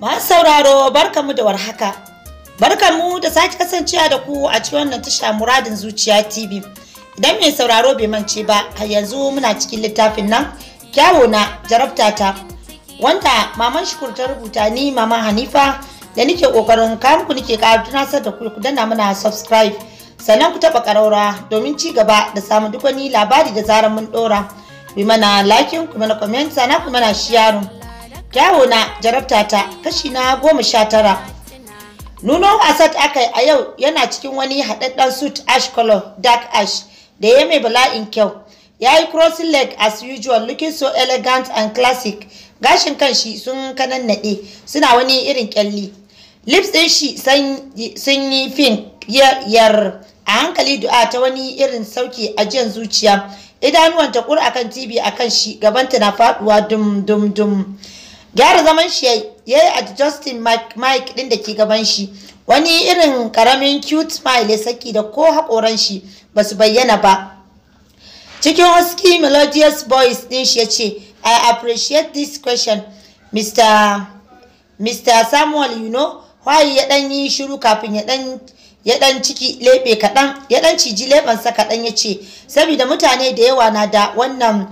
Masu sauraro mu da warhaka. mu da sake kasancewa da ku a cikin wannan tasha muradin zuciya TV. Idan mai sauraro bai mance ba, har yanzu muna cikin littafin nan kyawo na jarabtata wanda maman shukur ta rubuta ni Mama Hanifa da nike kokarin kawo ku nike ƙara tunasar da ku dana muna subscribe sannan ku taɓa karaura domin ci gaba da samu duk wani labari da zarar mun ɗora. Ku mana lakin, ku mana comment, sannan ku mana sharing. Kyawuna na jarabta ta kashi na goma sha tara. Nuno Asad aka a yau yana cikin wani haɗaɗɗen suit ash color dark ash da ya mai bala'in kyau. Ya yi crossing leg as usual looking so elegant and classic. Gashin kan shi sun kanannaɗe suna wani irin kyalli. Lips ɗin shi sun yi fin yar a hankali du'a ta wani irin sauki a jiyan zuciya. Idanuwanta ƙur akan TV akan shi gabanta na faɗuwa dum dum dum. gyara zaman shi ya yi a justin mike din da ke gaban shi wani irin karamin cute smile ya saki da ko haƙoran shi ba su bayyana ba cikin husky melodious voice din shi ya ce i appreciate this question mr samuel you know why ya dan yi shiru kafin ya dan ya dan ciki lebe kaɗan ya dan ciji sa kaɗan ya ce saboda mutane da yawa na da wannan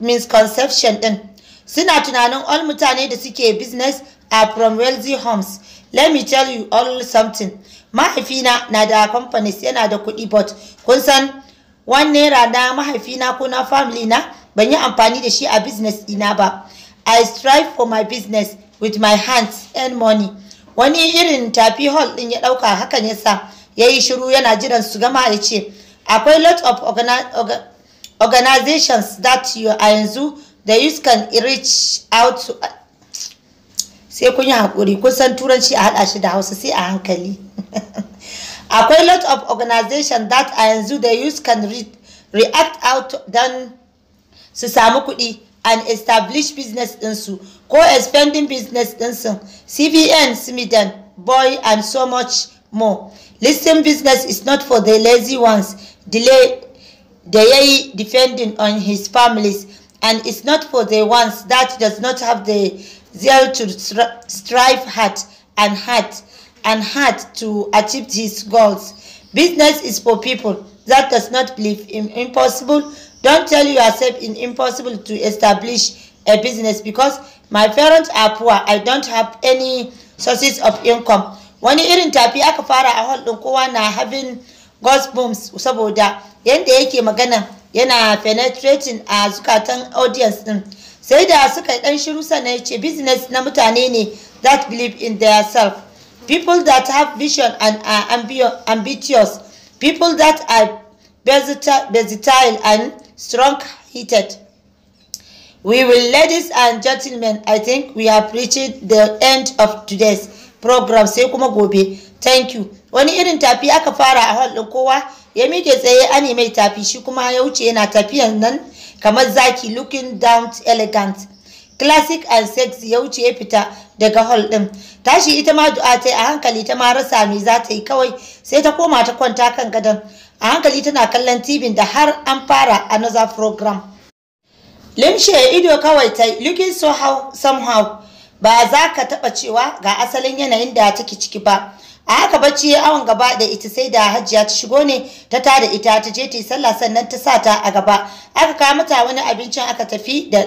misconception din suna tunanin all mutane da suke business are from wealthy homes let me tell you all something mahaifina na da companies yana da kuɗi but kun san one naira na mahaifina ko na family na ban yi amfani da shi a business ina ba i strive for my business with my hands and money wani irin tafi hall din ya dauka hakan yasa ya yi shiru yana jiran su gama ya ce akwai lot of organizations that you a yanzu da youth can reach out to sai kun yi haƙuri kusan turanci a haɗa shi da hausa sai a hankali akwai lot of organization that a yanzu The youth can re react out don su samu and establish business ɗinsu ko expanding business ɗinsu cbn smiden boy and so much more Listen, business is not for the lazy ones delay da yayi depending on his families and it's not for the ones that does not have the zeal to strive hard and hard and hard to achieve his goals. Business is for people that does not believe in impossible. Don't tell yourself in impossible to establish a business because my parents are poor. I don't have any sources of income. Wani irin in aka fara a na having gospel saboda yanda yake magana yana penetrating a zukatan audience din sai da suka yi dan shiru sannan ya business na mutane ne that believe in their self people that have vision and are ambitious people that are versatile and strong heated we will ladies and gentlemen i think we have reached the end of today's program sai kuma gobe thank you wani irin tafi aka fara a hall din kowa ya miƙe tsaye ani mai tafi shi kuma ya wuce yana tafiyan nan kamar zaki looking down elegant classic and sexy ya wuce ya fita daga hall din tashi ita ma du'a ta a hankali ta ma rasa me za ta yi kawai sai ta koma ta kwanta kan gadon a hankali tana kallon TV da har an fara another program limshe ido kawai ta looking so how somehow ba za ka taba cewa ga asalin yanayin da take ciki ba a haka bacci ya awon gaba da ita sai da hajiya ta shigo ne ta ta da ita ta je ta yi sallah sannan ta sa ta a gaba aka kawo mata wani abincin aka tafi da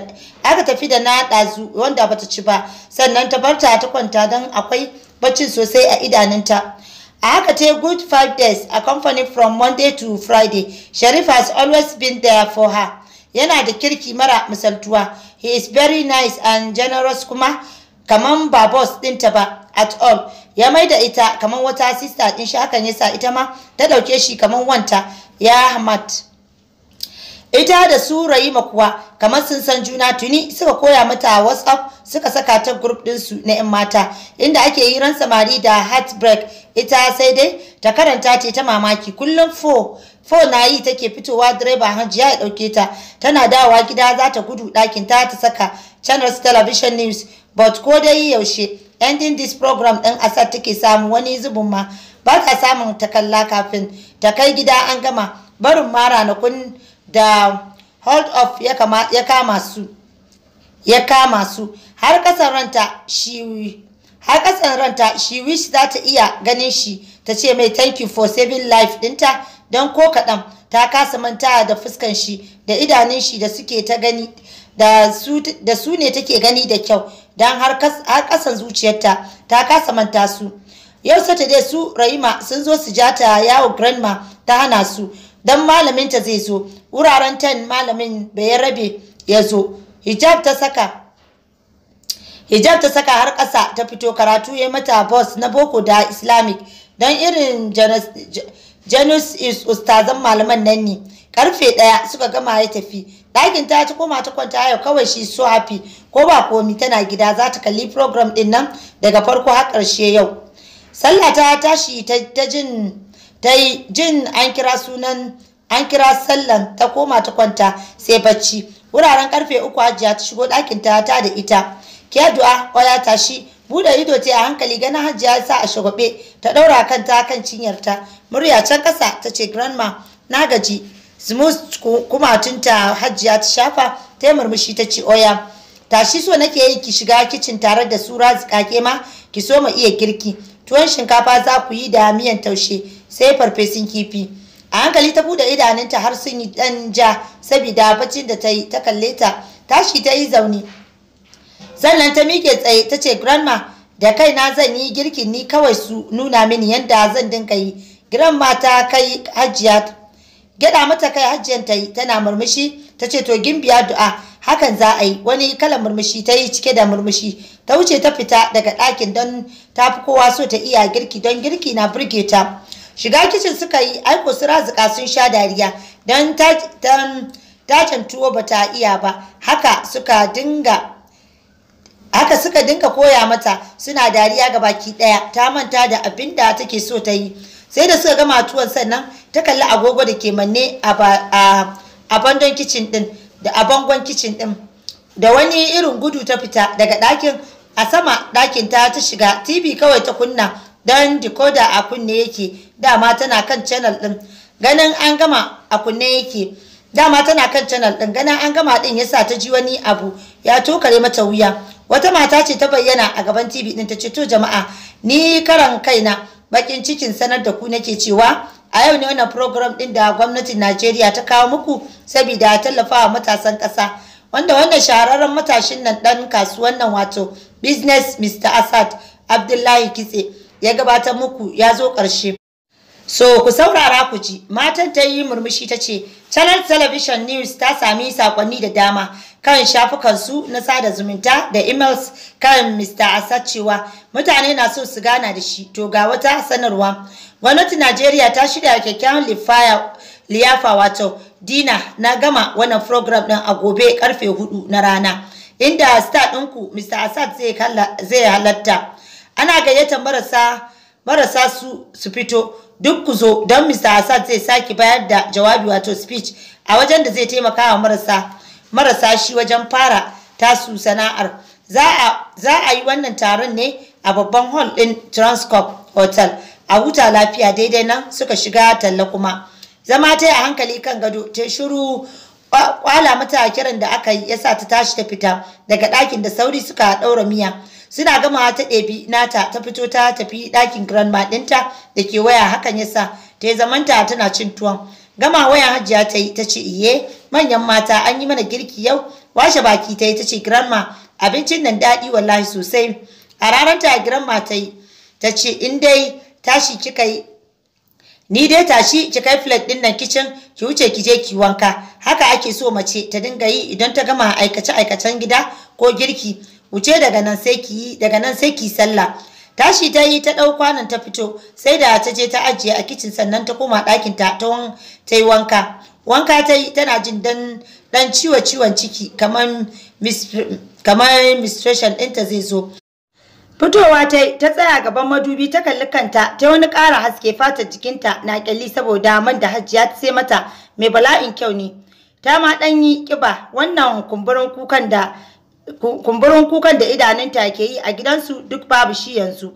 aka tafi da na ɗazu wanda bata ci ba sannan ta barta ta kwanta don akwai baccin sosai a idanunta a haka ta good five days a company from monday to friday sharif has always been there for her yana da kirki mara misaltuwa he is very nice and generous kuma kaman ba boss ɗinta ba at all ya maida ita kaman wata sister ɗin shi hakan yasa ita ma ta dauke shi kaman wanta ya Ahmad ita da su Rahima kuwa kamar sun san juna tuni suka koya mata WhatsApp suka saka ta group su na 'yan mata inda ake yi ran samari da heartbreak ita sai dai ta karanta ce ta mamaki kullum fo fo na take fitowa direba hajiya ya dauke ta tana dawowa gida za ta gudu ɗakin ta ta saka channels television news but ko dai yaushe ending this program ɗin asar take samu wani zubin ma ba ta samun takalla kafin ta kai gida an gama barin na kun da hold of ya kama su ya kama su har kasan ranta shi har kasan ranta she wish za ta iya ganin shi ta ce mai thank you for saving life dinta don ko kaɗan ta kasa manta da fuskan shi da idanun shi da suke ta gani da su ne take gani da kyau don har kasan zuciyarta ta kasa manta su yau saturday su rahima sun zo su ja yawo grandma ta hana su don malaminta zai zo wuraren tan malamin bai rabe ya zo hijab ta saka har kasa ta fito karatu ya mata boss na boko da islamic don irin janus is ustazan malaman nan ne karfe daya suka gama ya tafi ɗakin ta ci koma ta kwanta yau kawai shi so happy ko ba komi tana gida za ta kalli program ɗin nan daga farko har ƙarshe yau sallah ta tashi ta jin ta jin an kira sunan an kira sallan ta koma ta kwanta sai bacci wuraren karfe uku hajiya ta shigo ɗakin ta ta da ita ke du'a kwaya shi. Bude, ido ta a hankali ganin hajiya sa a shagwabe ta ɗaura kanta kan cinyarta murya can ƙasa ta ce grandma na gaji smooth ta hajjiya ta shafa ta yi murmushi ta ce oya tashi so nake yi ki shiga kicin tare da su razikake ma ki so mu iya girki tuwon shinkafa za ku yi da miyan taushe sai farfesun kifi a hankali ta bude idanunta har sun yi dan ja saboda bacin da ta yi ta kalle ta tashi ta yi zaune sannan ta miƙe tsaye ta ce grandma da kaina zan yi girkin ni kawai su nuna mini yadda zan dinka yi grandma ta kai hajjiya Gyaɗa mata kai hajjiyar ta yi tana murmushi ta ce to gimbiya du'a hakan za a yi wani kalan murmushi ta yi cike da murmushi ta wuce ta fita daga ɗakin don ta fi kowa so ta iya girki don girki na burge ta shiga kicin suka yi aiko su razuka sun sha dariya don tacin tuwo ba ta iya ba haka suka dinga haka suka dinga koya mata suna dariya ga baki ɗaya ta manta da abinda da take so ta yi sai da suka gama tuwon sannan ta kalli agogo da ke manne a bandon kicin din da a bangon kicin din da wani irin gudu ta fita daga ɗakin a sama ɗakin ta ta shiga tv kawai ta kunna don decoder a kunne yake dama tana kan channel din ganin an gama a kunne yake dama tana kan channel din ganin an gama din yasa ta ji wani abu ya tokare mata wuya wata mata ce ta bayyana a gaban tv din ta ce to jama'a ni karan kaina bakin cikin sanar da ku nake cewa a yau ne wannan program din da gwamnatin Najeriya ta kawo muku saboda tallafawa matasan ƙasa wanda wannan shahararren matashin nan dan kasuwan nan wato business Mr. Asad Abdullahi Kitse ya gabatar muku ya zo ƙarshe. So ku saurara ku ji matan ta yi murmushi ta ce Channel Television News ta sami sakonni da dama kan shafukansu na sada zumunta da emails kan Mr. asad cewa mutane na so su gana da shi to ga wata sanarwa. Gwamnati Najeriya ta shirya kyakkyawan liyafa wato dina na gama wannan program din a gobe karfe hudu na rana inda star ɗinku Mr. Asad zai halatta. Ana gayyatar marasa marasa su su fito duk ku zo don Mr. Assad zai sake bayar da jawabi wato speech a wajen da zai taimaka wa marasa marasa shi wajen fara tasu sana'ar za a yi wannan taron ne a babban hall ɗin transcorp hotel a huta lafiya daidai nan suka shiga talla kuma zama ta a hankali kan gado ta shiru kwala mata kiran da aka yi yasa ta tashi ta fita daga ɗakin da sauri suka ɗaura miya suna gama ta ɗebi nata ta fito ta tafi ɗakin grandma ɗinta da ke waya hakan yasa ta yi zamanta tana cin tuwon gama wayan hajiya ta yi ta ce iye manyan mata an yi mana girki yau washe baki ta yi ta ce grandma abincin nan daɗi wallahi sosai a ranar ta grandma ta yi ta ce in dai tashi kika yi ni dai tashi ki kai flat din nan kicin ki wuce ki je ki wanka haka ake so mace ta dinga yi idan ta gama aikace aikacen gida ko girki wuce daga nan sai ki daga nan sai ki sallah tashi ta yi ta ɗau kwanon ta fito sai da ta je ta ajiye a kicin sannan ta koma ɗakin ta ta yi wanka wanka ta yi tana jin dan dan ciwo ciwon ciki kamar kamar menstruation ɗinta zai zo fitowa ta ta tsaya gaban madubi ta kalli kanta ta wani ƙara haske fatar jikinta na kyalli saboda man da hajjiya ta sai mata mai bala'in kyau ne ta ma dan yi kiba wannan kumburin kukan da kumburin kukan da idanunta ke yi a gidansu duk babu shi yanzu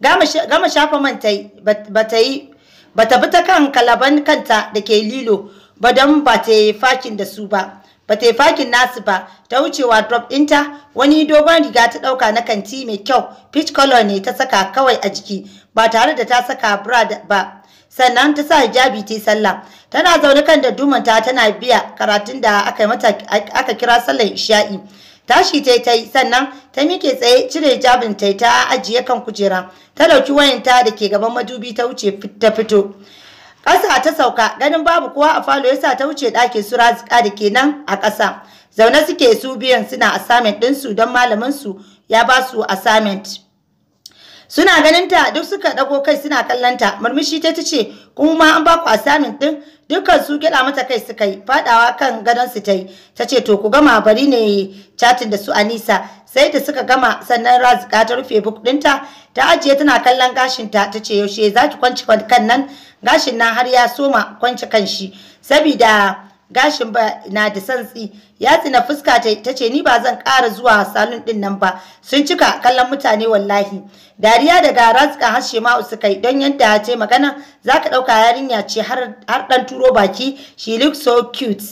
gama shafa man ta yi bata yi bata bi ta kan kalaban kanta da ke lilo ba don ba ta yi fakin da su ba ba ta yi fakin nasu ba ta wucewa drop ɗinta wani dogon riga ta ɗauka na kanti mai kyau peach color ne ta saka kawai a jiki ba tare da ta saka bra ba sannan ta sa hijabi ta yi sallah tana zaune kan da dumanta tana biya karatun da aka aka kira sallar isha'i tashi tai tai sannan ta mike tsaye cire jabin tai ta ajiye kan kujera ta dauki wayanta da ke gaban madubi ta wuce ta fito ƙasa ta sauka ganin babu kowa a falo yasa ta wuce ɗakin su razika da ke nan a ƙasa zaune suke su biyan suna assignment ɗinsu don malamin su ya ba su assignment suna ganin ta duk suka dago kai suna kallon ta murmushi ta tace kuma an ba ku asamin din dukkan su gida mata kai suka yi fadawa kan gadon su tai tace to ku gama bari ne chatin da su Anisa sai ta suka gama sannan Razika ta rufe book dinta ta ajiye tana kallon gashin ta tace yaushe zaki ki kwanci kan nan gashin nan har ya soma kwanci kan shi saboda gashin ba na da santsi ya tsina fuska ta ce ni ba zan ƙara zuwa salon ɗin nan ba sun cika kallon mutane wallahi dariya daga ratsuka har shema'u suka yi don yadda ce magana za ka ɗauka yarinya ce har ɗan turo baki she looks so cute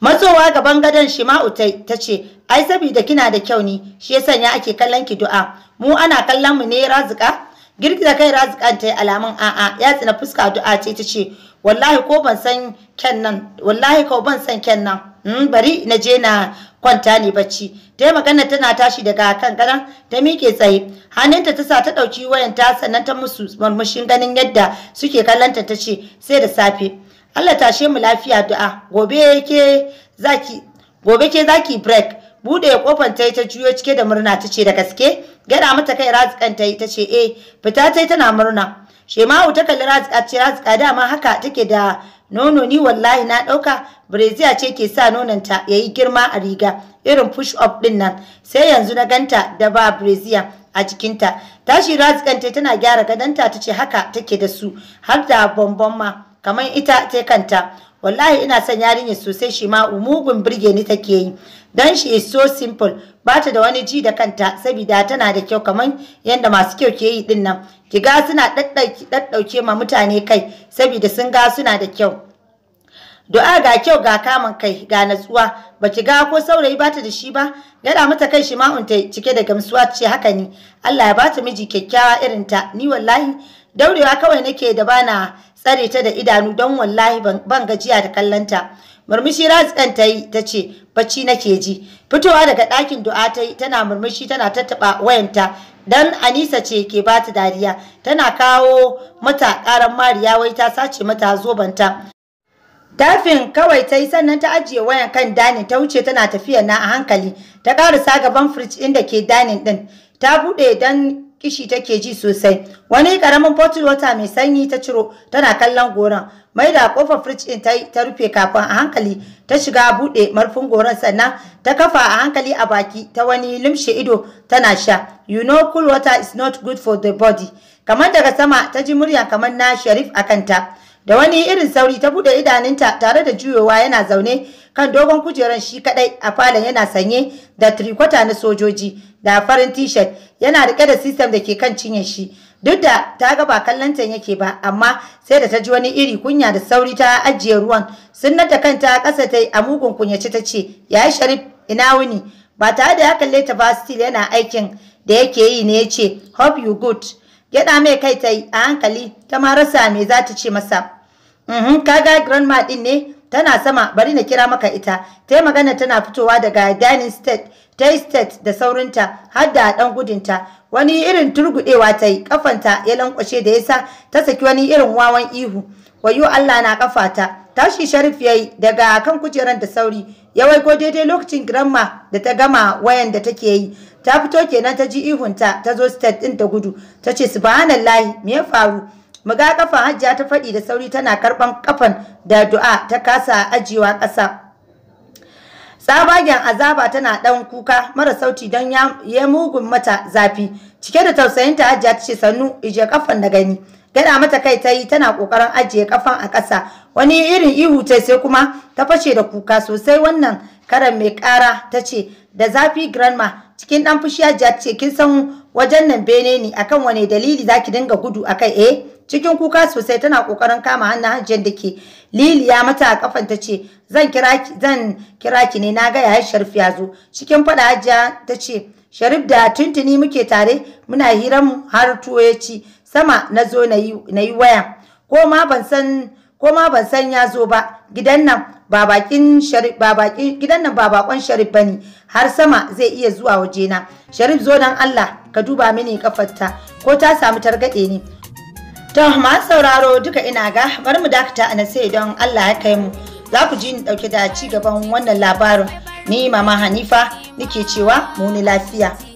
matsowa gaban gadon shima'u ta ce ai sabida kina da kyau ne shi ya sanya ake kallon ki du'a mu ana kallon mu ne razuka girgiza kai razikan ta yi alamun a'a ya tsina fuska du'a ce ta ce wallahi ko ban san ken nan wallahi ko ban san ken nan hmm, bari na je na kwanta ne bacci ta yi magana tana tashi daga kan gadon ta miƙe tsaye hannunta ta sa ta ɗauki wayanta, sannan ta musu murmushin ganin yadda suke kallonta ta ce sai da safe Allah tashe mu lafiya du'a gobe ke zaki gobe ke zaki break bude kofar ta ta juyo cike da murna ta ce da gaske Gyada mata kai razikan ta yi ta ce eh fita tai tana murna. Shema'u ta kalli razika ce razika dama haka take da nono ni wallahi na ɗauka breziya ce ke sa nononta ya yi girma a riga irin push up ɗinnan, nan sai yanzu na ganta da ba breziya a jikinta tashi razikanta tana gyara gadonta tace haka take da su har da bambam ma kamar ita ta kanta wallahi ina son yarinya sosai shi mugun birge ni take yi dan shi is so simple bata da wani ji da kanta saboda tana da kyau kaman yadda masu kyau ke yi din nan ki ga suna daddauke ma mutane kai saboda sun ga suna da kyau du'a ga kyau ga kamun kai ga natsuwa ba ki ga ko saurayi bata da shi ba gada mata kai shi ma'unta cike da gamsuwa ce haka ne Allah ya bata miji kyakkyawa irin ta ni wallahi daurewa kawai nake da bana tsare ta da idanu don wallahi ban gajiya da kallanta. murmushi ratsan ta yi ta ce bacci nake ji fitowa daga ɗakin du'a ta yi tana murmushi tana tattaɓa wayanta dan anisa ce ke ba ta dariya tana kawo mata ƙaran mariya wai ta sace mata zobanta Tafin kawai ta yi sannan ta ajiye wayan kan danin ta wuce tana tafiya na a hankali ta ƙarasa gaban firij inda ke danin ɗin ta buɗe don kishi take ji sosai wani karamin bottle water mai sanyi ta ciro tana kallon goran mai da kofar fridge din ta rufe kafin a hankali ta shiga bude marfin goran sannan ta kafa a hankali a baki ta wani limshe ido tana sha you know cool water is not good for the body kamar daga sama ta ji murya kamar na sharif a kanta da wani irin sauri ta bude idanunta tare da juyowa yana zaune kan dogon kujeran shi kadai a falon yana sanye da trikota na sojoji da farin t-shirt yana rike da system da ke kan cinye shi duk da ta ga ba kallonta yake ba amma sai da ta ji wani iri kunya da sauri ta ajiye ruwan sunnata kanta kasa ta a mugun kunyace ta ce yayi sharif ina wuni ba tare da ya kalle ta ba still yana aikin da yake yi ne ya ce hope you good gyaɗa mai kai ta a hankali ta ma rasa me za ta ce masa mhm kaga grandma din ne tana sama bari na kira maka ita tai yi magana tana fitowa daga dining state ta yi state da saurinta har da ɗan gudunta wani irin turgudewa ta kafanta ya lankwashe da yasa ta saki wani irin wawan ihu wayo Allah na ta. tashi sharif yayi daga kan kujeran da sauri ya waigo daidai lokacin grandma da ta gama wayan da take yi ta fito kenan ta ji ihunta ta zo state din ta gudu ta ce subhanallahi me ya faru muga ƙafan hajjia ta faɗi da sauri tana karban kafan da du'a ta kasa ajiyewa ƙasa tsabagen azaba tana ɗan kuka mara sauti don ya mugun mata zafi cike da tausayinta hajjia ta ce sannu ije kafan da gani gada mata kai tayi tana ƙoƙarin ajiye kafan a ƙasa wani irin ihu ce sai kuma ta fashe da kuka sosai wannan karan mai ƙara ta ce da zafi grandma cikin ɗan fushiya ja ce kin san wajen nan bene ne akan wane dalili zaki dinga gudu akai eh cikin kuka sosai tana kokarin kama hannun hajjen da ke liliya mata a kafan ta ce zan kira ki zan kira ki ne na ga ya sharfi ya zo cikin fada hajjiya ta ce sharif da tuntuni muke tare muna hiran har tuwo ya ci sama na zo na yi waya ko ma ban san ko ma ban san ya zo ba gidan nan ba bakin sharif ba bakin gidan nan ba bakon sharif bane har sama zai iya zuwa waje na sharif zo dan Allah ka duba mini kafarta ko ta samu targade ni? to ma sauraro duka ina ga Bar mu dakata a sai don Allah ya kai mu za ku ji ni dauke da ci gaban wannan labarin ni mama Hanifa nake cewa mu ni lafiya